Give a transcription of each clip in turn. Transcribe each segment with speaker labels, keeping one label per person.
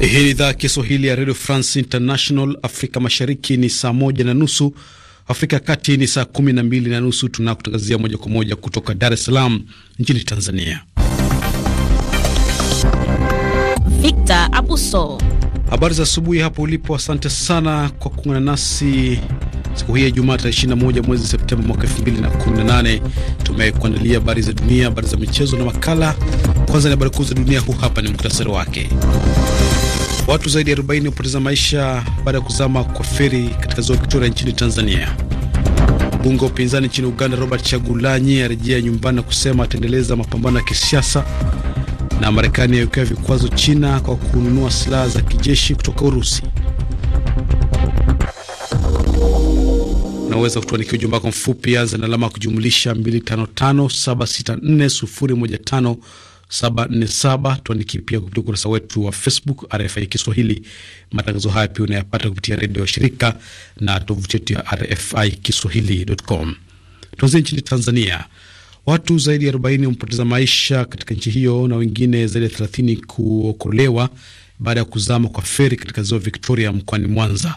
Speaker 1: Hii ni idhaa ya Kiswahili ya redio France International. Afrika mashariki ni saa moja na nusu, Afrika ya kati ni saa kumi na mbili na nusu. Tunakutangazia moja kwa moja kutoka Dar es Salaam nchini Tanzania.
Speaker 2: Victor Abuso,
Speaker 1: habari za asubuhi hapo ulipo. Asante sana kwa kuungana nasi siku hii ya Jumaa tarehe 21 mwezi Septemba mwaka 2018. Tumekuandalia habari za dunia, habari za michezo na makala. Kwanza ni habari kuu za dunia, huu hapa ni muktasari wake. Watu zaidi ya 40 wapoteza maisha baada ya kuzama kwa feri katika ziwa Victoria nchini Tanzania. Mbunge wa upinzani nchini Uganda Robert Chagulanyi arejea nyumbani na kusema ataendeleza mapambano ya kisiasa. Na Marekani yaiwekea vikwazo China kwa kununua silaha za kijeshi kutoka Urusi. Unaweza kutuandikia ujumbe wako mfupi, anza na alama ya kujumlisha 255 764 015 747. Tuandikie pia kupitia ukurasa wetu wa Facebook RFI Kiswahili. Matangazo haya pia unayapata kupitia redio ya shirika na tovuti yetu ya RFI Kiswahili.com. Tuanzie nchini Tanzania. Watu zaidi ya 40 wamepoteza maisha katika nchi hiyo na wengine zaidi ya 30 kuokolewa baada ya kuzama kwa feri katika ziwa Victoria mkoani Mwanza.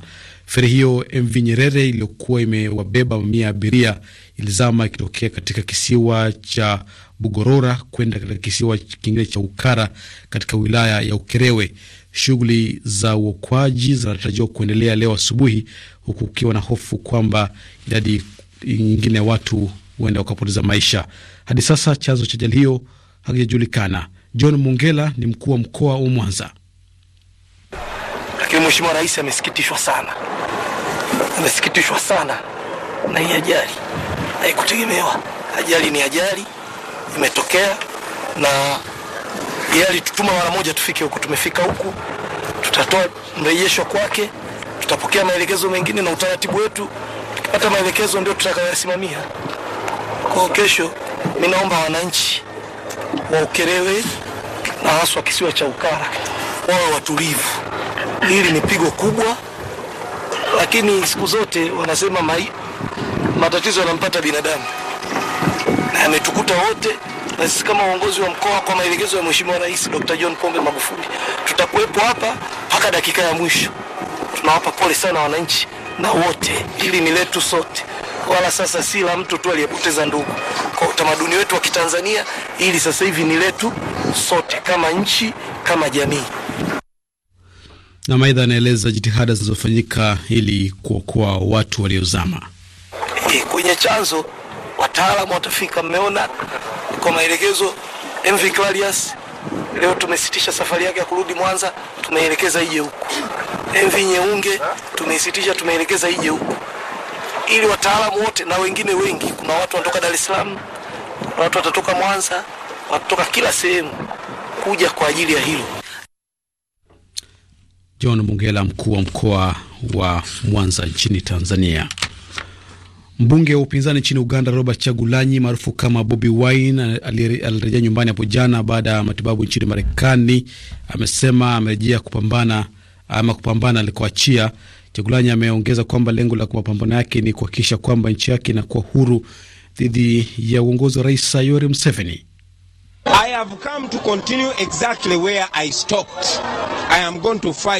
Speaker 1: Feri hiyo MV Nyerere iliyokuwa imewabeba mamia ya abiria ilizama ikitokea katika kisiwa cha Bugorora kwenda katika kisiwa kingine cha Ukara katika wilaya ya Ukerewe. Shughuli za uokoaji zinatarajiwa kuendelea leo asubuhi, huku ukiwa na hofu kwamba idadi nyingine ya watu huenda wakapoteza maisha. Hadi sasa chanzo cha ajali hiyo hakijajulikana. John Mungela ni mkuu wa mkoa wa Mwanza.
Speaker 3: Lakini mheshimiwa rais amesikitishwa sana Nimesikitishwa sana na hii ajali, haikutegemewa. Ajali ni ajali, imetokea na yeye alitutuma mara moja tufike huku. Tumefika huku, tutatoa mrejesho kwake, tutapokea maelekezo mengine na utaratibu wetu. Tukipata maelekezo ndio tutakayosimamia. Kwa kesho, mi naomba wananchi wa Ukerewe na haswa kisiwa cha Ukara wawe watulivu. Hili ni pigo kubwa lakini siku zote wanasema mai, matatizo yanampata binadamu na yametukuta wote, na sisi kama uongozi wa mkoa kwa maelekezo ya Mheshimiwa Rais Dr. John Pombe Magufuli tutakuwepo hapa mpaka dakika ya mwisho. Tunawapa pole sana wananchi na wote, hili ni letu sote, wala sasa si la mtu tu aliyepoteza ndugu. Kwa utamaduni wetu wa Kitanzania, hili sasa hivi ni letu sote, kama nchi, kama jamii
Speaker 1: na maidha anaeleza jitihada zinazofanyika ili kuokoa watu waliozama.
Speaker 3: E, kwenye chanzo wataalamu watafika. Mmeona kwa maelekezo MV Clarius leo tumesitisha safari yake ya kurudi Mwanza, tumeelekeza ije huku. MV Nyeunge tumeisitisha, tumeelekeza ije huku, ili wataalamu wote na wengine wengi. Kuna watu wanatoka Dar es Salaam, watu watatoka Mwanza, watatoka kila sehemu kuja kwa ajili ya hilo.
Speaker 1: John mungela mkuu wa mkoa wa Mwanza nchini Tanzania. Mbunge wa upinzani nchini Uganda Robert Chagulanyi maarufu kama Bobi Wine alirejea nyumbani hapo jana baada ya matibabu nchini Marekani. Amesema amerejea kupambana ama kupambana alikoachia. Chagulanyi ameongeza kwamba lengo la mapambano yake ni kuhakikisha kwamba nchi yake inakuwa huru dhidi ya uongozi wa Rais Sayori Museveni.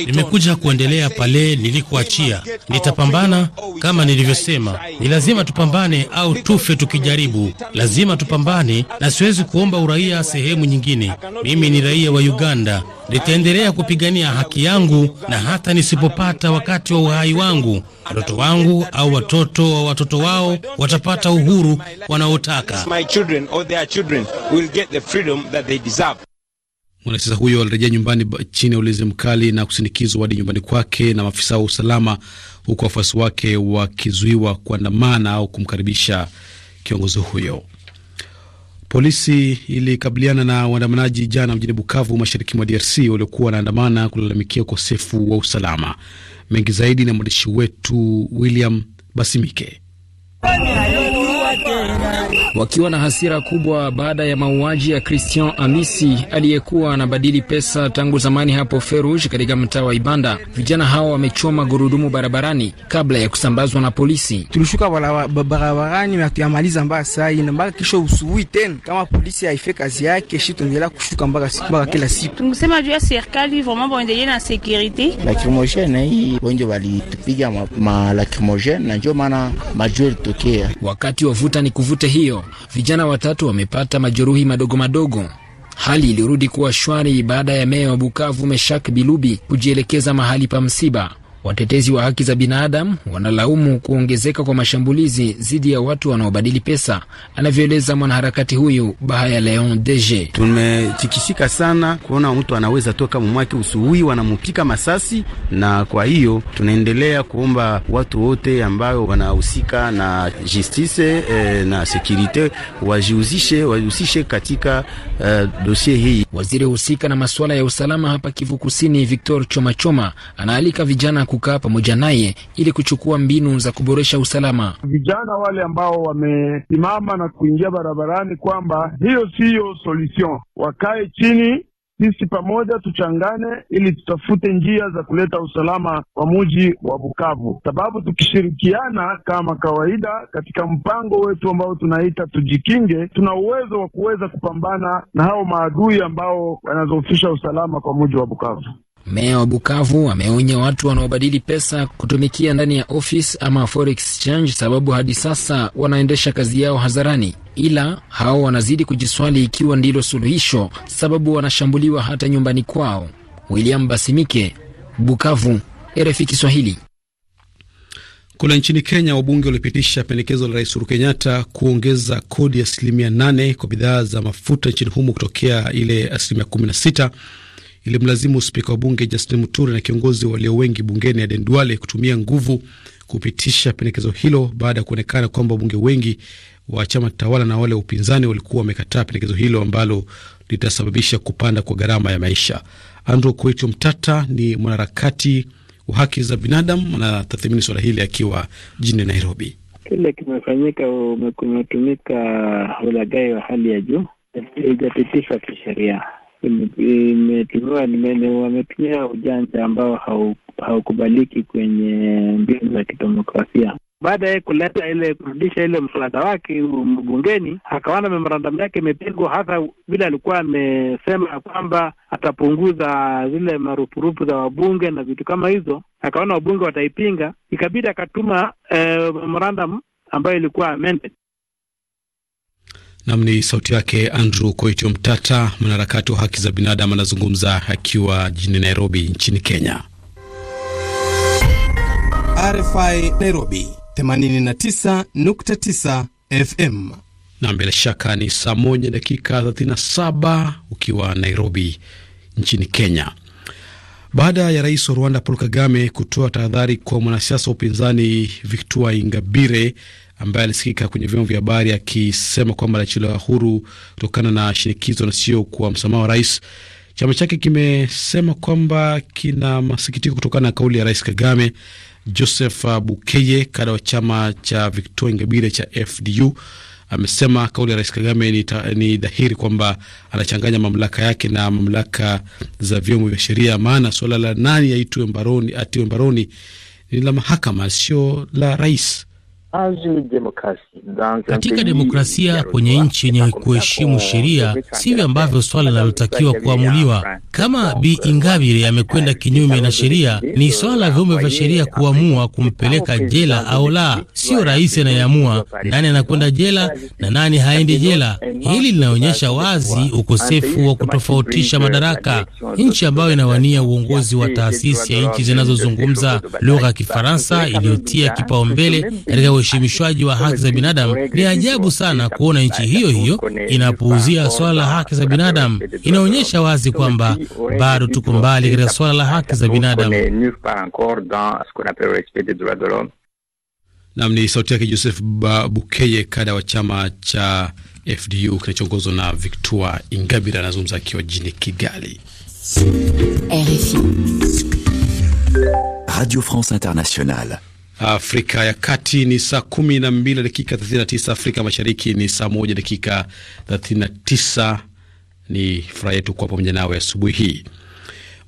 Speaker 1: Nimekuja kuendelea
Speaker 4: pale nilikoachia. Nitapambana oh, kama nilivyosema, ni lazima tupambane au tufe tukijaribu. Lazima tupambane, na siwezi kuomba uraia sehemu nyingine. Mimi ni raia wa Uganda. Nitaendelea kupigania haki yangu, na hata nisipopata wakati wa uhai wangu, watoto wangu au watoto wa watoto wao watapata uhuru wanaotaka.
Speaker 1: Mwanasiasa huyo alirejea nyumbani chini ya ulinzi mkali na kusindikizwa hadi nyumbani kwake na maafisa wa usalama, huku wafuasi wake wakizuiwa kuandamana au kumkaribisha kiongozi huyo. Polisi ilikabiliana na waandamanaji jana mjini Bukavu, mashariki mwa DRC, waliokuwa wanaandamana kulalamikia ukosefu wa usalama. Mengi zaidi na mwandishi wetu William Basimike
Speaker 2: wakiwa na hasira kubwa baada ya mauaji ya Christian Amisi aliyekuwa anabadili pesa tangu zamani hapo Feruge katika mtaa wa Ibanda. Vijana hao wamechoma gurudumu barabarani kabla ya kusambazwa na polisi. Tulishuka barabarani
Speaker 5: na tuyamaliza mbaya sai na mpaka kisha usubuhi tena, kama polisi haife kazi yake, shi tungela
Speaker 2: kushuka mpaka mpaka kila siku.
Speaker 5: Tungesema juu ya serikali vraiment baendelee na security
Speaker 2: lakrimogene hii wengi walitupiga malakrimogene na ndio maana majue ilitokea wakati wavuta ni kuvuta vute hiyo, vijana watatu wamepata majeruhi madogo madogo. Hali ilirudi kuwa shwari baada ya meya wa Bukavu Meshak Bilubi kujielekeza mahali pa msiba. Watetezi wa haki za binadamu wanalaumu kuongezeka kwa mashambulizi dhidi ya watu wanaobadili pesa, anavyoeleza mwanaharakati huyu Bahaya Leon dg
Speaker 4: Tumetikisika sana kuona mtu anaweza toka mumwake usuhui, wanamupika masasi, na kwa hiyo tunaendelea kuomba watu wote ambayo wanahusika na justice
Speaker 2: eh, na sekurite wajihusishe wajihusishe katika eh, dosie hii. Waziri husika na masuala ya usalama hapa Kivu Kusini, Victor Chomachoma, anaalika vijana kukaa pamoja naye ili kuchukua mbinu za kuboresha usalama.
Speaker 6: Vijana wale ambao wamesimama na kuingia barabarani, kwamba hiyo siyo solution, wakae chini sisi pamoja tuchangane ili tutafute njia za kuleta usalama wa muji wa Bukavu, sababu tukishirikiana kama kawaida katika mpango wetu ambao tunaita tujikinge, tuna uwezo wa kuweza kupambana na hao maadui ambao wanazofisha usalama kwa muji wa Bukavu.
Speaker 2: Meya wa Bukavu ameonya watu wanaobadili pesa kutumikia ndani ya office ama forex exchange, sababu hadi sasa wanaendesha kazi yao hadharani, ila hao wanazidi kujiswali ikiwa ndilo suluhisho, sababu wanashambuliwa hata nyumbani kwao. William Basimike, Bukavu, RFI Kiswahili.
Speaker 1: Kule nchini Kenya, wabunge walipitisha pendekezo la Rais Uhuru Kenyatta kuongeza kodi asilimia 8 kwa bidhaa za mafuta nchini humo kutokea ile asilimia kumi ilimlazimu spika wa bunge Justin Muturi na kiongozi walio wengi bungeni Aden Duale kutumia nguvu kupitisha pendekezo hilo baada ya kuonekana kwamba wabunge wengi wa chama tawala na wale upinzani walikuwa wamekataa pendekezo hilo ambalo litasababisha kupanda kwa gharama ya maisha. Andrew Kuito Mtata ni mwanaharakati wa haki za binadamu, anatathmini suala hili akiwa jijini Nairobi.
Speaker 7: Kile kimefanyika umetumika ulagai wa hali ya juu, haijapitishwa kisheria imetumiwa wametumia ujanja ambao haukubaliki kwenye mbinu za kidemokrasia. Baada ya kuleta ile kurudisha ile mswada wake bungeni, akaona memorandum yake imepigwa, hasa vile alikuwa amesema kwamba atapunguza zile marupurupu za wabunge na vitu kama hizo, akaona wabunge wataipinga, ikabidi akatuma eh, memorandum ambayo ilikuwa amended
Speaker 1: Nam ni sauti yake Andrew Koitio Mtata, mwanaharakati wa haki za binadamu, anazungumza akiwa jijini Nairobi nchini Kenya. RFI Nairobi 89.9 FM. Na bila shaka ni saa moja dakika 37 ukiwa Nairobi nchini Kenya. Baada ya rais wa Rwanda Paul Kagame kutoa tahadhari kwa mwanasiasa wa upinzani Victoire Ingabire ambaye alisikika kwenye vyombo vya habari akisema kwamba anachelewa huru kutokana na shinikizo na sio kwa msamaha wa rais. Chama chake kimesema kwamba kina masikitiko kutokana na kauli ya rais Kagame. Joseph Bukeye, kada wa chama cha Victor Ingabire cha FDU, amesema kauli ya rais Kagame ni, ta, ni dhahiri kwamba anachanganya mamlaka yake na mamlaka za vyombo vya sheria, maana suala la nani aitiwe mbaroni, atiwe mbaroni ni la mahakama, sio la rais. Katika demokrasia kwenye nchi yenye kuheshimu sheria, sivyo ambavyo swala
Speaker 4: linalotakiwa kuamuliwa. Kama Bi Ingabire amekwenda kinyume na sheria, ni swala la vyombo vya sheria kuamua kumpeleka jela au la. Sio rais anayeamua nani anakwenda jela na nani haendi jela. Hili linaonyesha wazi ukosefu wa kutofautisha madaraka. Nchi ambayo inawania uongozi wa taasisi ya nchi zinazozungumza lugha ya Kifaransa iliyotia kipaumbele katika uheshimishwaji wa haki za binadamu. Ni ajabu sana kuona nchi hiyo hiyo inapuuzia swala la haki za binadamu.
Speaker 1: Inaonyesha wazi kwamba bado tuko mbali katika
Speaker 4: swala la haki za binadamu.
Speaker 1: Nam ni sauti yake josef Bukeye, kada wa chama cha FDU kinachoongozwa na Victoire Ingabire, anazungumza akiwa jini Kigali.
Speaker 3: RFI
Speaker 7: Radio France Internationale.
Speaker 1: Afrika ya Kati ni saa kumi na mbili na dakika 39, Afrika Mashariki ni saa moja dakika 39. Ni furaha yetu kuwa pamoja nawe asubuhi hii.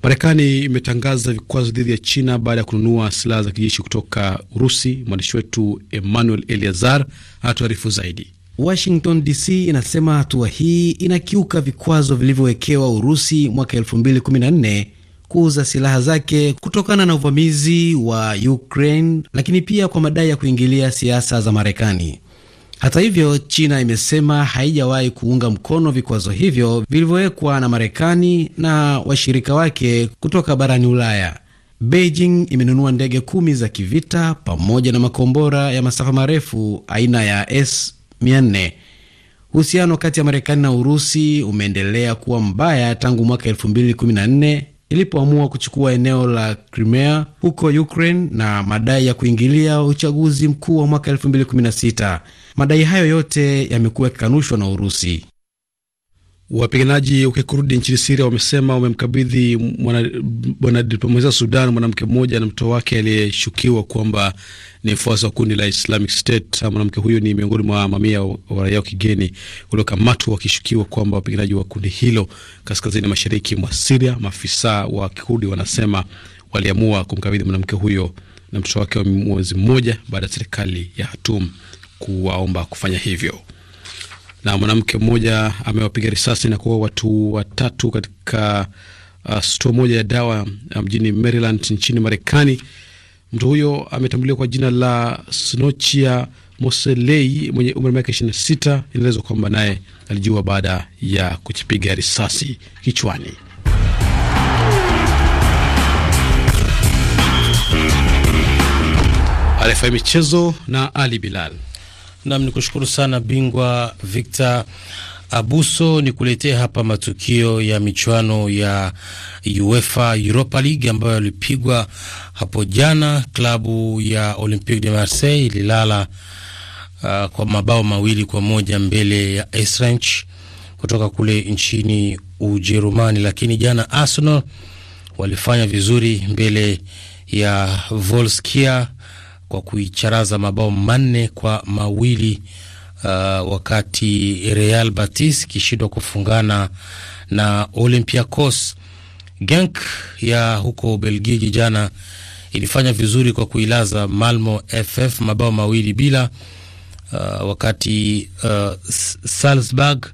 Speaker 1: Marekani imetangaza vikwazo dhidi ya China baada ya kununua silaha za kijeshi kutoka Urusi. Mwandishi wetu Emmanuel Eliazar anatuarifu zaidi. Washington DC inasema hatua hii inakiuka vikwazo vilivyowekewa Urusi mwaka 2014 kuuza silaha zake kutokana na uvamizi wa Ukraine, lakini pia kwa madai ya kuingilia siasa za Marekani. Hata hivyo, China imesema haijawahi kuunga mkono vikwazo hivyo vilivyowekwa na Marekani na washirika wake kutoka barani Ulaya. Beijing imenunua ndege kumi za kivita pamoja na makombora ya masafa marefu aina ya S400. Uhusiano kati ya Marekani na Urusi umeendelea kuwa mbaya tangu mwaka ilipoamua kuchukua eneo la Crimea huko Ukraine na madai ya kuingilia uchaguzi mkuu wa mwaka 2016. Madai hayo yote yamekuwa yakikanushwa na Urusi. Wapiganaji wakikurudi nchini Siria wamesema wamemkabidhi bwana wa Sudan mwanamke mmoja na mtoto wake aliyeshukiwa kwamba ni mfuasi wa kundi la Islamic State. Mwanamke huyo ni miongoni mwa mamia wa raia wa kigeni waliokamatwa wakishukiwa kwamba wapiganaji wa kundi hilo kaskazini mashariki mwa Siria. Maafisa wa kikurdi wanasema waliamua kumkabidhi mwanamke huyo na mtoto wake wa mwezi mmoja baada ya serikali ya Hatum kuwaomba kufanya hivyo na mwanamke mmoja amewapiga risasi na kuua watu watatu katika uh, stoo moja ya dawa uh, mjini Maryland nchini Marekani. Mtu huyo ametambuliwa kwa jina la Snochia Moselei mwenye umri wa miaka 26. Inaelezwa kwamba naye alijiua baada ya kujipiga risasi kichwani. RFI Michezo na Ali Bilal. Nam, ni
Speaker 4: kushukuru sana bingwa Victor Abuso, ni kuletea hapa matukio ya michuano ya UEFA Europa League ambayo yalipigwa hapo jana. Klabu ya Olympique de Marseille ililala uh, kwa mabao mawili kwa moja mbele ya Eintracht kutoka kule nchini Ujerumani, lakini jana Arsenal walifanya vizuri mbele ya Volskia kwa kuicharaza mabao manne kwa mawili uh, wakati Real batis ikishindwa kufungana na Olympiacos. Genk ya huko Belgiji jana ilifanya vizuri kwa kuilaza Malmo FF mabao mawili bila uh, wakati uh, Salzburg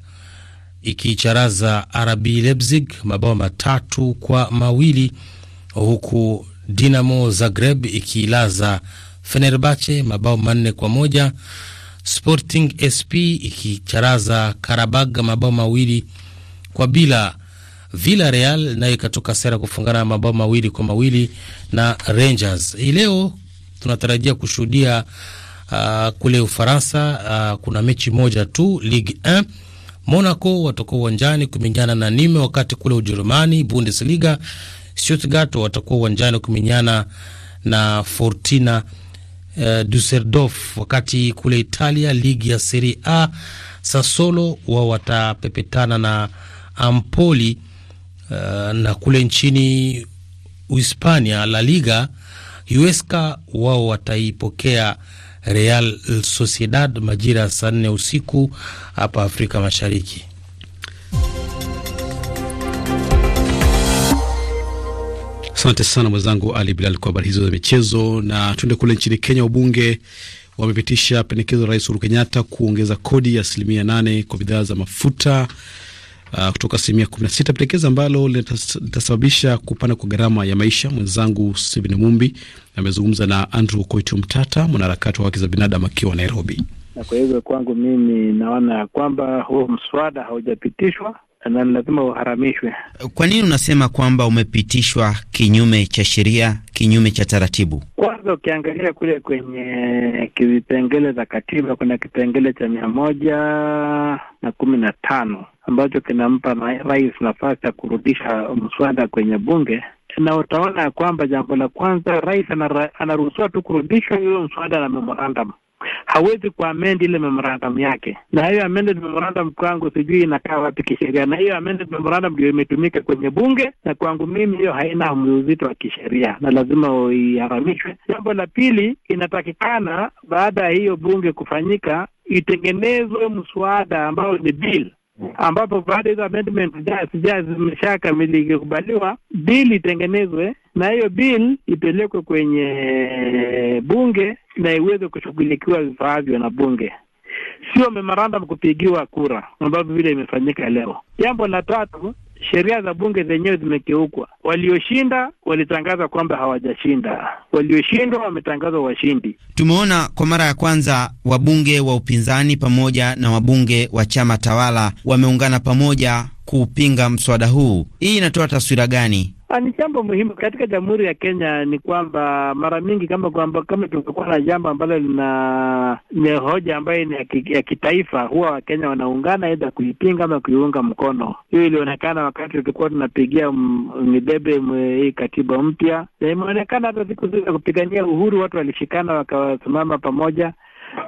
Speaker 4: ikicharaza RB Leipzig mabao matatu kwa mawili huku Dinamo Zagreb ikiilaza Fenerbahce mabao manne kwa moja, Sporting SP ikicharaza Karabag mabao mawili kwa bila. Villarreal nayo ikatoka sera kufungana mabao mawili kwa mawili na Rangers. Hii leo tunatarajia kushuhudia uh, kule Ufaransa uh, kuna mechi moja tu Ligue 1 Monaco watakuwa uwanjani kumenyana na Nime, wakati kule Ujerumani Bundesliga Stuttgart watakuwa uwanjani kumenyana na Fortuna uh, eh, Dusseldorf. Wakati kule Italia, ligi ya Serie A, Sassuolo wao watapepetana na Ampoli. Uh, eh, na kule nchini Uhispania, La Liga, Huesca wao wataipokea Real Sociedad majira ya
Speaker 1: saa nne usiku hapa Afrika Mashariki. Asante sana mwenzangu Ali Bilal kwa habari hizo za michezo. Na tuende kule nchini Kenya, wabunge wamepitisha pendekezo la Rais Uhuru Kenyatta kuongeza kodi ya asilimia nane kwa bidhaa za mafuta uh, kutoka asilimia kumi na sita, pendekezo ambalo litasababisha kupanda kwa gharama ya maisha. Mwenzangu Stephen Mumbi amezungumza na Andrew Koitu Mtata, mwanaharakati wa haki za binadamu akiwa Nairobi.
Speaker 7: Na kwa hivyo kwangu mimi naona ya kwamba huo mswada haujapitishwa na lazima uharamishwe.
Speaker 5: Kwa nini unasema kwamba umepitishwa kinyume cha sheria, kinyume cha
Speaker 2: taratibu?
Speaker 7: Kwanza ukiangalia kule kwenye kivipengele za katiba, kuna kipengele cha mia moja na kumi na tano ambacho kinampa rais nafasi ya kurudisha mswada kwenye bunge na utaona kwamba jambo la kwanza rais anaruhusiwa tu kurudisha hiyo mswada na memorandum hawezi kuamend ile memorandum yake, na hiyo amended memorandum kwangu sijui inakaa wapi kisheria, na hiyo amended memorandum ndio imetumika kwenye bunge, na kwangu mimi hiyo haina mzito wa kisheria na lazima iharamishwe. Jambo la pili, inatakikana baada ya hiyo bunge kufanyika itengenezwe mswada ambao ni bill ambapo baada hizo amendment sijaa zimeshakamilika, kubaliwa, bill itengenezwe na hiyo bill ipelekwe kwenye bunge na iweze kushughulikiwa vifaavyo na bunge, sio memorandum kupigiwa kura ambavyo vile imefanyika leo. Jambo la tatu, sheria za bunge zenyewe zimekiukwa. Walioshinda walitangaza kwamba hawajashinda, walioshindwa wametangazwa washindi.
Speaker 5: Tumeona kwa mara ya kwanza wabunge wa upinzani pamoja na wabunge wa chama tawala wameungana pamoja kuupinga mswada huu. Hii inatoa taswira gani?
Speaker 7: Ah, ni jambo muhimu katika Jamhuri ya Kenya. Ni kwamba mara mingi kama kwamba kama tungekuwa na jambo ambalo lina ni hoja ambayo ni ya kitaifa, huwa Wakenya wanaungana aidha kuipinga ama kuiunga mkono. Hiyo ilionekana wakati tulikuwa tunapigia midebe hii katiba mpya, na imeonekana hata siku zile za kupigania uhuru watu walishikana wakasimama pamoja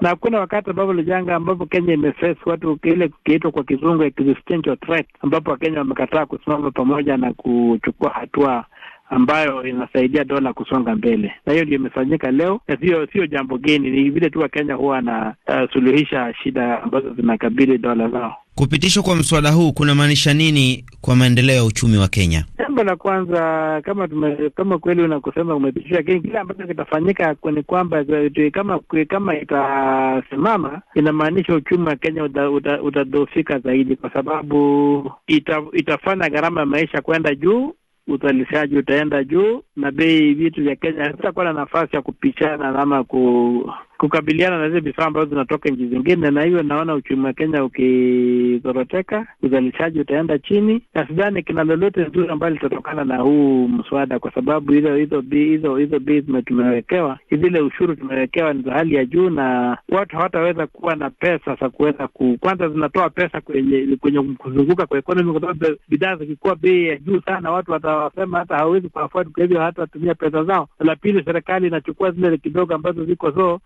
Speaker 7: na hakuna wakati ambapo lijanga ambapo Kenya imeface watu ile kiitwa kwa kizungu existential threat, ambapo Wakenya wamekataa kusimama pamoja na kuchukua hatua ambayo inasaidia dola kusonga mbele, na hiyo ndio imefanyika leo, sio sio jambo geni, ni vile tu Wakenya huwa wanasuluhisha uh, shida ambazo zinakabili dola lao
Speaker 5: kupitishwa kwa mswada huu kunamaanisha nini kwa maendeleo
Speaker 7: ya uchumi wa Kenya? Jambo la kwanza, kama tume, kama kweli unakusema umepitishwa, lakini kile ambacho kitafanyika ni kwamba kama kama itasimama, inamaanisha uchumi wa Kenya utadhoofika uta, uta zaidi, kwa sababu ita, itafanya gharama ya maisha kwenda juu uzalishaji utaenda juu na bei vitu vya Kenya hatutakuwa na nafasi ya kupishana ama kukabiliana na zile vifaa ambazo zinatoka nchi zingine, na hiyo naona uchumi wa Kenya ukizoroteka, uzalishaji utaenda chini, na sidhani kina lolote nzuri ambayo litatokana na huu mswada, kwa sababu hizo hizo hizo hizo bei tumewekewa, zile ushuru tumewekewa ni za hali ya juu, na watu hawataweza kuwa na pesa za kuweza ku, kwanza zinatoa pesa kwenye kwenye kuzunguka kwa ekonomi, kwa sababu bidhaa zikikuwa bei ya juu sana, watu watawasema hata hawawezi kuafford, kwa hivyo hata watumia pesa zao. La pili, serikali inachukua zile kidogo ambazo ziko zoo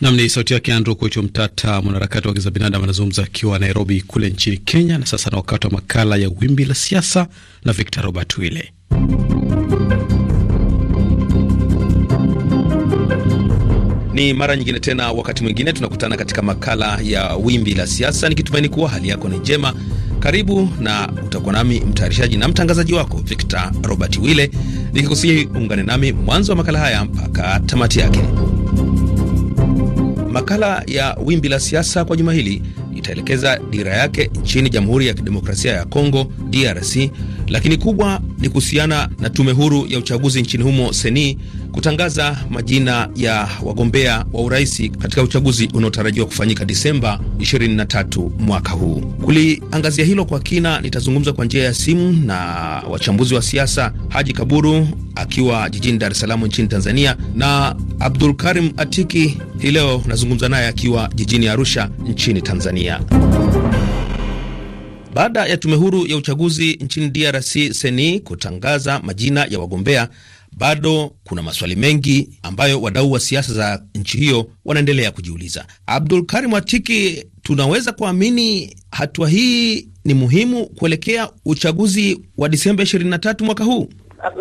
Speaker 1: Nam ni sauti yake Andrew Kocho Mtata, mwanaharakati wa haki za binadamu, anazungumza akiwa Nairobi kule nchini Kenya. Na sasa na wakati wa makala ya Wimbi la Siasa na Victor Robert wille Ni mara nyingine tena, wakati mwingine
Speaker 5: tunakutana katika makala ya Wimbi la Siasa, nikitumaini kuwa hali yako ni njema. Karibu na utakuwa nami mtayarishaji na mtangazaji wako Victor Robert wille nikikusihi uungane nami mwanzo wa makala haya mpaka tamati yake. Makala ya Wimbi la Siasa kwa juma hili itaelekeza dira yake nchini Jamhuri ya Kidemokrasia ya Kongo, DRC, lakini kubwa ni kuhusiana na tume huru ya uchaguzi nchini humo, Seni, kutangaza majina ya wagombea wa uraisi katika uchaguzi unaotarajiwa kufanyika Disemba 23 mwaka huu. Kuliangazia hilo kwa kina, nitazungumza kwa njia ya simu na wachambuzi wa siasa Haji Kaburu akiwa jijini Dar es Salaam nchini Tanzania, na Abdul Karim Atiki hii leo nazungumza naye akiwa jijini Arusha nchini Tanzania. Baada ya tume huru ya uchaguzi nchini DRC seni kutangaza majina ya wagombea, bado kuna maswali mengi ambayo wadau wa siasa za nchi hiyo wanaendelea kujiuliza. Abdul Karim Atiki, tunaweza kuamini hatua hii ni muhimu
Speaker 8: kuelekea
Speaker 5: uchaguzi wa Disemba 23 mwaka huu?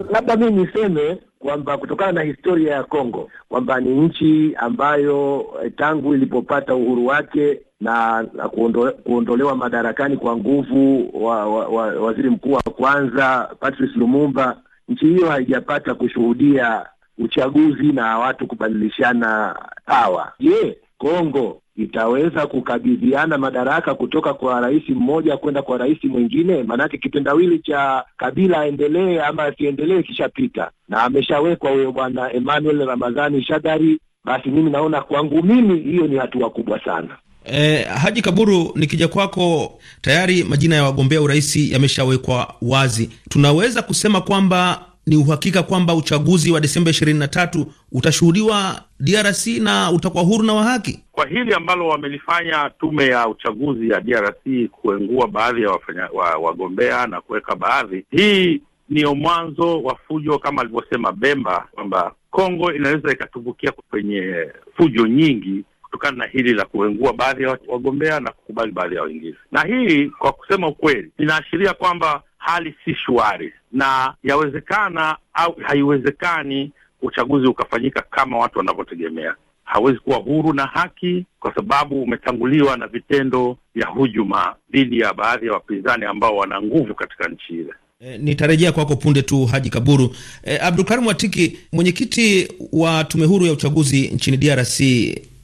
Speaker 8: labda mi niseme kwamba kutokana na historia ya Kongo kwamba ni nchi ambayo eh, tangu ilipopata uhuru wake na, na kuondole, kuondolewa madarakani kwa nguvu wa, wa, wa, waziri mkuu wa kwanza Patrice Lumumba, nchi hiyo haijapata kushuhudia uchaguzi na watu kubadilishana hawa. Je, Kongo itaweza kukabidhiana madaraka kutoka kwa rais mmoja kwenda kwa rais mwingine? Maanake kitendawili cha Kabila aendelee ama asiendelee kishapita na ameshawekwa huyo bwana Emmanuel Ramadhani Shadari. Basi mimi naona kwangu mimi hiyo ni hatua kubwa sana.
Speaker 5: E, Haji Kaburu, nikija kwako, tayari majina ya wagombea urais yameshawekwa wazi, tunaweza kusema kwamba ni uhakika kwamba uchaguzi wa Desemba 23 utashuhudiwa DRC na utakuwa huru na wa haki?
Speaker 6: Kwa hili ambalo wamelifanya tume ya uchaguzi ya DRC kuengua baadhi ya wafanya, wa, wagombea na kuweka baadhi, hii niyo mwanzo wa fujo kama alivyosema Bemba kwamba Kongo inaweza ikatumbukia kwenye fujo nyingi kutokana na hili la kuengua baadhi ya wagombea na kukubali baadhi ya wengine, na hii kwa kusema ukweli inaashiria kwamba hali si shwari na yawezekana au haiwezekani uchaguzi ukafanyika kama watu wanavyotegemea. Hawezi kuwa huru na haki, kwa sababu umetanguliwa na vitendo vya hujuma dhidi ya baadhi ya wapinzani ambao wana nguvu katika nchi ile.
Speaker 5: E, nitarejea kwako punde tu Haji Kaburu. E, Abdulkarim Watiki, mwenyekiti wa tume huru ya uchaguzi nchini DRC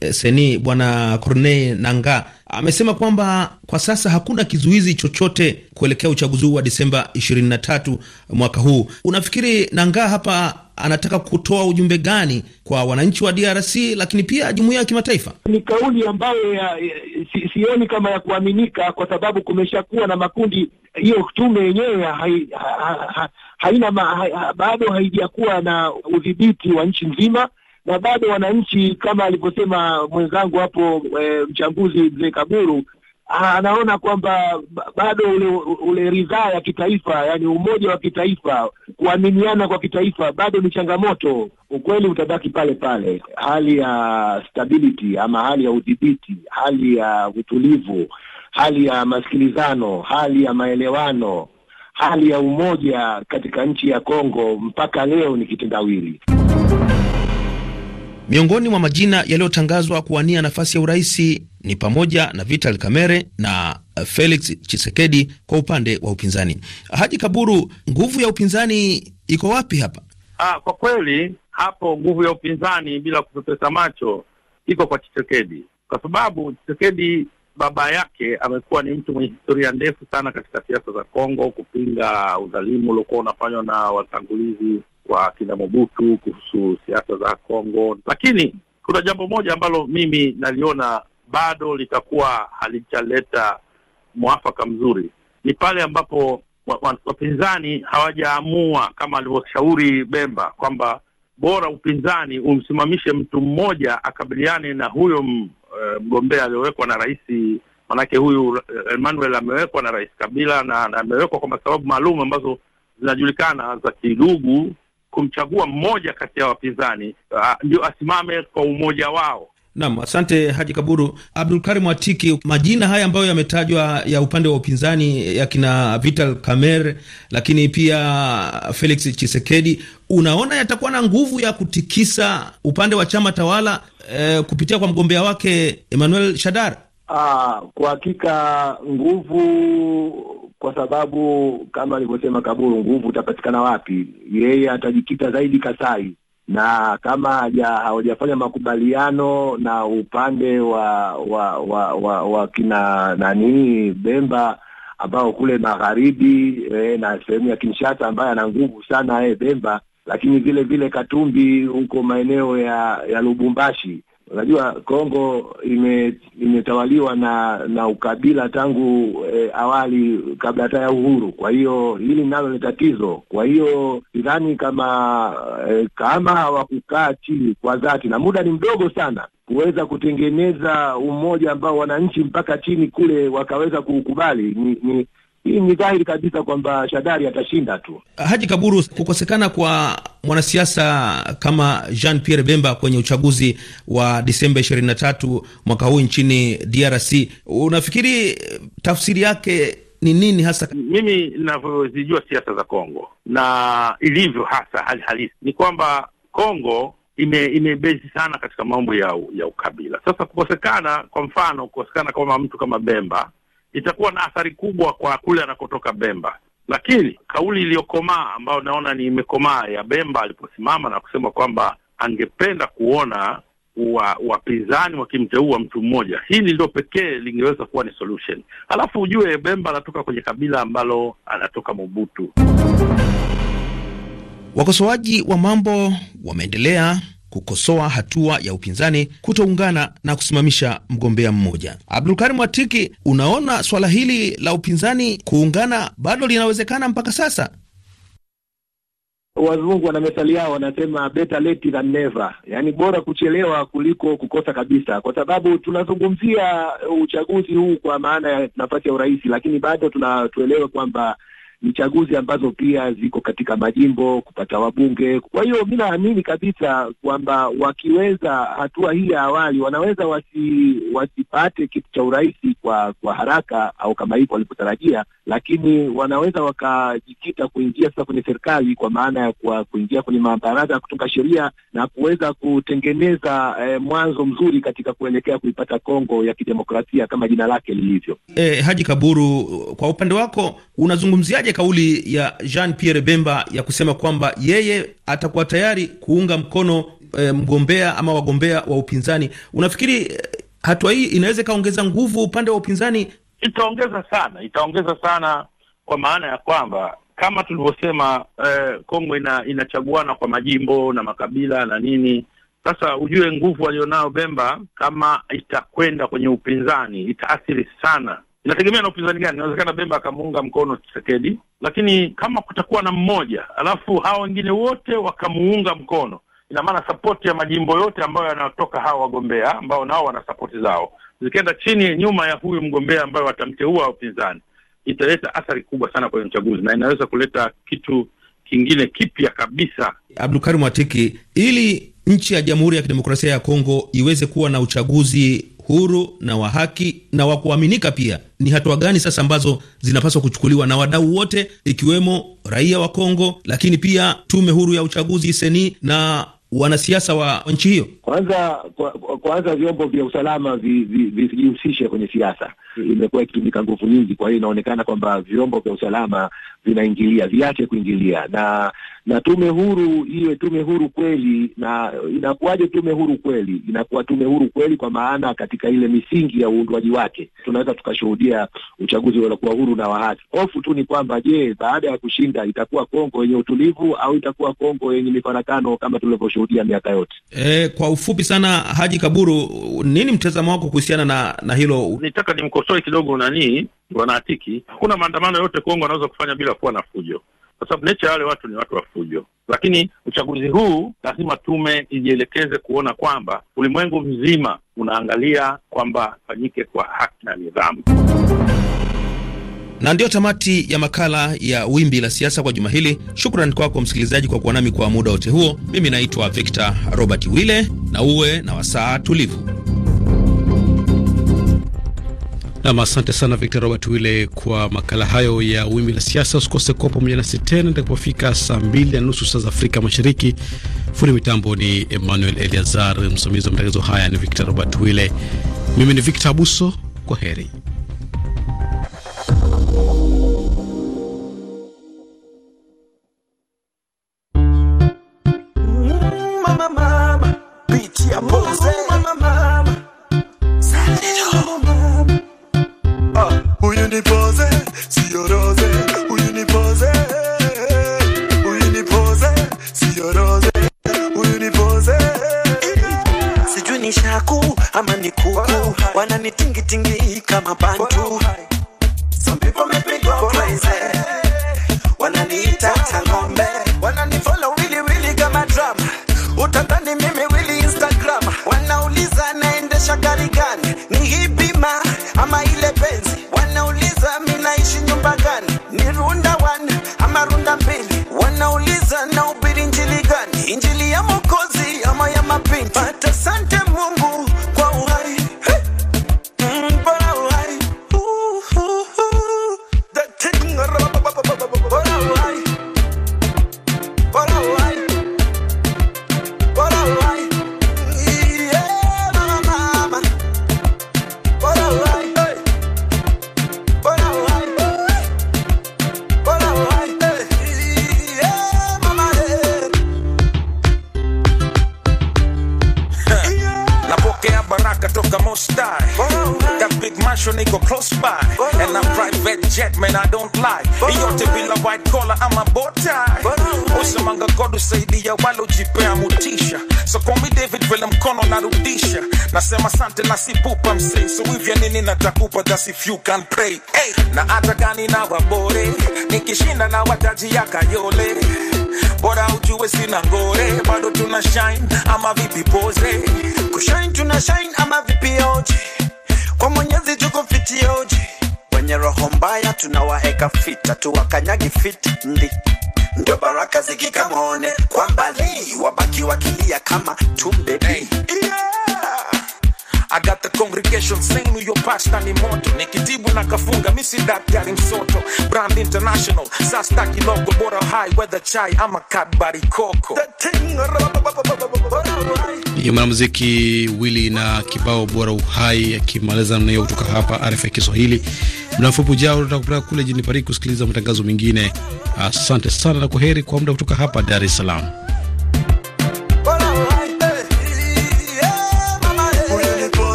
Speaker 5: Eh, seni Bwana Corneille Nanga amesema kwamba kwa sasa hakuna kizuizi chochote kuelekea uchaguzi huu wa Disemba 23 mwaka huu. Unafikiri Nanga hapa anataka kutoa ujumbe gani kwa wananchi wa DRC lakini pia jumuiya ya kimataifa? Ni kauli
Speaker 8: ambayo si, sioni kama ya kuaminika kwa sababu kumeshakuwa na makundi. Hiyo tume yenyewe ha, ha, ha, haina ha, bado haijakuwa na udhibiti wa nchi nzima na bado wananchi, kama alivyosema mwenzangu hapo e, mchambuzi mzee Kaburu ah, anaona kwamba bado ule, ule ridhaa ya kitaifa, yani umoja wa kitaifa, kuaminiana kwa kitaifa bado ni changamoto. Ukweli utabaki pale pale, hali ya stability ama hali ya udhibiti, hali ya utulivu, hali ya masikilizano, hali ya maelewano, hali ya umoja katika nchi ya Kongo mpaka leo ni kitendawili.
Speaker 5: Miongoni mwa majina yaliyotangazwa kuwania nafasi ya uraisi ni pamoja na Vital Kamerhe na eh, Felix chisekedi kwa upande wa upinzani. Haji Kaburu, nguvu ya upinzani iko wapi hapa?
Speaker 6: Ah, kwa kweli hapo nguvu ya upinzani bila kupepesa macho iko kwa chisekedi kwa sababu chisekedi baba yake amekuwa ni mtu mwenye historia ndefu sana katika siasa za Kongo, kupinga udhalimu uliokuwa unafanywa na watangulizi wa kina Mobutu kuhusu siasa za Kongo, lakini kuna jambo moja ambalo mimi naliona bado litakuwa halijaleta mwafaka mzuri, ni pale ambapo wapinzani hawajaamua kama alivyoshauri Bemba kwamba bora upinzani umsimamishe mtu mmoja akabiliane na huyo e, mgombea aliyowekwa na rais. Manake huyu e, Emmanuel amewekwa na rais Kabila na amewekwa kwa sababu maalum ambazo zinajulikana za kidugu kumchagua mmoja kati ya wapinzani ah, ndio uh, asimame kwa umoja wao.
Speaker 5: nam asante Haji Kaburu. Abdulkarim Atiki, majina haya ambayo yametajwa ya upande wa upinzani yakina Vital Kamerhe, lakini pia Felix Chisekedi, unaona yatakuwa na nguvu ya kutikisa upande wa chama tawala eh, kupitia kwa mgombea wake Emmanuel Shadar?
Speaker 8: Aa, ah, kwa hakika nguvu kwa sababu kama alivyosema Kaburu, nguvu utapatikana wapi? Yeye atajikita zaidi Kasai, na kama hawajafanya makubaliano na upande wa wa wa, wa, wa kina nani Bemba ambao kule magharibi e, na sehemu ya Kinshasa ambaye ana nguvu sana e, Bemba, lakini vile vile Katumbi huko maeneo ya ya Lubumbashi Unajua Kongo ime, imetawaliwa na na ukabila tangu e, awali kabla hata ya uhuru. Kwa hiyo hili nalo ni tatizo. Kwa hiyo sidhani kama e, kama hawakukaa chini kwa dhati, na muda ni mdogo sana kuweza kutengeneza umoja ambao wananchi mpaka chini kule wakaweza kuukubali ni, ni hii ni dhahiri kabisa kwamba Shadari atashinda tu.
Speaker 5: Haji Kaburu, kukosekana kwa mwanasiasa kama Jean Pierre Bemba kwenye uchaguzi wa Disemba ishirini na tatu mwaka huu nchini DRC, unafikiri tafsiri yake ni nini hasa? Mimi
Speaker 6: ninavyozijua siasa za Kongo na ilivyo hasa hali halisi ni kwamba Kongo ime imebezi sana katika mambo ya ya ukabila. Sasa kukosekana, kwa mfano, kukosekana kama mtu kama Bemba itakuwa na athari kubwa kwa kule anakotoka Bemba. Lakini kauli iliyokomaa ambayo naona ni imekomaa ya Bemba aliposimama na kusema kwamba angependa kuona wapinzani wakimteua mtu mmoja, hili ndio pekee lingeweza kuwa ni solution. Alafu ujue Bemba anatoka kwenye kabila ambalo anatoka Mobutu.
Speaker 5: Wakosoaji wa mambo wameendelea kukosoa hatua ya upinzani kutoungana na kusimamisha mgombea mmoja. Abdulkarim Watiki, unaona swala hili la upinzani kuungana bado linawezekana mpaka sasa?
Speaker 8: Wazungu wana methali yao, wanasema better late than never, yaani bora kuchelewa kuliko kukosa kabisa, kwa sababu tunazungumzia uchaguzi huu kwa maana ya nafasi ya urais, lakini bado tuelewe kwamba ni chaguzi ambazo pia ziko katika majimbo kupata wabunge. Kwa hiyo mi naamini kabisa kwamba wakiweza hatua hii ya awali, wanaweza wasi, wasipate kitu cha urahisi kwa kwa haraka au kama hivyo walivyotarajia, lakini wanaweza wakajikita kuingia sasa kwenye serikali kwa maana ya kwa kuingia kwenye mabaraza ya kutunga sheria na kuweza kutengeneza eh, mwanzo mzuri katika kuelekea kuipata Kongo ya kidemokrasia kama jina lake lilivyo.
Speaker 5: Eh, Haji Kaburu, kwa upande wako unazungumziaje kauli ya Jean Pierre Bemba ya kusema kwamba yeye atakuwa tayari kuunga mkono e, mgombea ama wagombea wa upinzani. Unafikiri e, hatua hii
Speaker 6: inaweza ikaongeza nguvu upande wa upinzani? Itaongeza sana, itaongeza sana kwa maana ya kwamba kama tulivyosema eh, Kongo ina, inachaguana kwa majimbo na makabila na nini. Sasa ujue nguvu alionao Bemba, kama itakwenda kwenye upinzani, itaathiri sana inategemea na upinzani gani. Inawezekana Bemba akamuunga mkono Chisekedi, lakini kama kutakuwa na mmoja alafu hawa wengine wote wakamuunga mkono, ina maana sapoti ya majimbo yote ambayo yanatoka hawa wagombea ambao nao wana sapoti zao zikienda chini nyuma ya huyu mgombea ambayo watamteua upinzani, italeta athari kubwa sana kwenye uchaguzi na inaweza kuleta kitu kingine kipya kabisa.
Speaker 5: Abdulkarim Watiki, ili nchi ya Jamhuri ya Kidemokrasia ya Kongo iweze kuwa na uchaguzi huru na wa haki na wa kuaminika. Pia ni hatua gani sasa ambazo zinapaswa kuchukuliwa na wadau wote, ikiwemo raia wa Kongo, lakini pia tume huru ya uchaguzi seni na wanasiasa wa nchi hiyo.
Speaker 8: Kwanza kwanza, vyombo vya usalama visijihusishe vi, vi, kwenye siasa. Imekuwa ikitumika nguvu nyingi, kwa hiyo inaonekana kwamba vyombo vya usalama zinaingilia viache kuingilia, na na tume huru iwe tume huru kweli. Na inakuwaje tume huru kweli? Inakuwa tume huru kweli kwa maana katika ile misingi ya uundwaji wake tunaweza tukashuhudia uchaguzi uliokuwa huru na wa haki. Hofu tu ni kwamba, je, baada ya kushinda itakuwa Kongo yenye utulivu au itakuwa Kongo yenye mifarakano kama
Speaker 6: tulivyoshuhudia miaka yote?
Speaker 5: E, kwa ufupi sana, Haji Kaburu, nini mtazamo wako kuhusiana na, na hilo?
Speaker 6: Nitaka nimkosoe kidogo nani wanaatiki. Hakuna maandamano yote Kongo anaweza kufanya bila kuwa na fujo, kwa sababu necha wale watu ni watu wa fujo. Lakini uchaguzi huu lazima tume ijielekeze kuona kwamba ulimwengu mzima unaangalia kwamba fanyike kwa haki na nidhamu.
Speaker 5: Na ndiyo tamati ya makala ya Wimbi la Siasa kwa juma hili. Shukran kwako kwa msikilizaji kwa kuwa nami kwa muda wote huo. Mimi naitwa Victor Robert wille na uwe na wasaa tulivu.
Speaker 1: Nam, asante sana Victor Robert Wile kwa makala hayo ya wimbi la siasa. Usikose kuwa pamoja nasi tena itakapofika saa mbili na nusu saa za Afrika Mashariki. Fundi mitambo ni Emmanuel Eliazar, msimamizi wa matangazo haya ni Victor Robert Wile, mimi ni Victor Abuso.
Speaker 3: Kwa heri.
Speaker 8: just if you can pray hey. na hata gani na wabore nikishinda na wataji ya kayole bora ujue sina ngore bado tuna shine ama vipi poze kushine tuna shine ama vipi oji kwa mwenyezi tuko fiti oji wenye roho mbaya tunawaeka fita tuwakanyagi fiti ndi ndio baraka zikikamone kwa mbali wabaki wakilia kama tumbe hey. yeah. I got the congregation saying huyo pastor ni moto, nikitibu na kafunga, misi si daktari msoto. Brand International, Sasta kilogo bora high weather chai ama Cadbury Coco.
Speaker 1: Ni mwanamuziki Willy na kibao bora uhai akimaliza namna hiyo kutoka hapa RFI Kiswahili. Muda mfupi ujao tutakupeleka kule jini Paris kusikiliza matangazo mengine. Asante sana na kwaheri kwa muda kutoka hapa Dar es Salaam.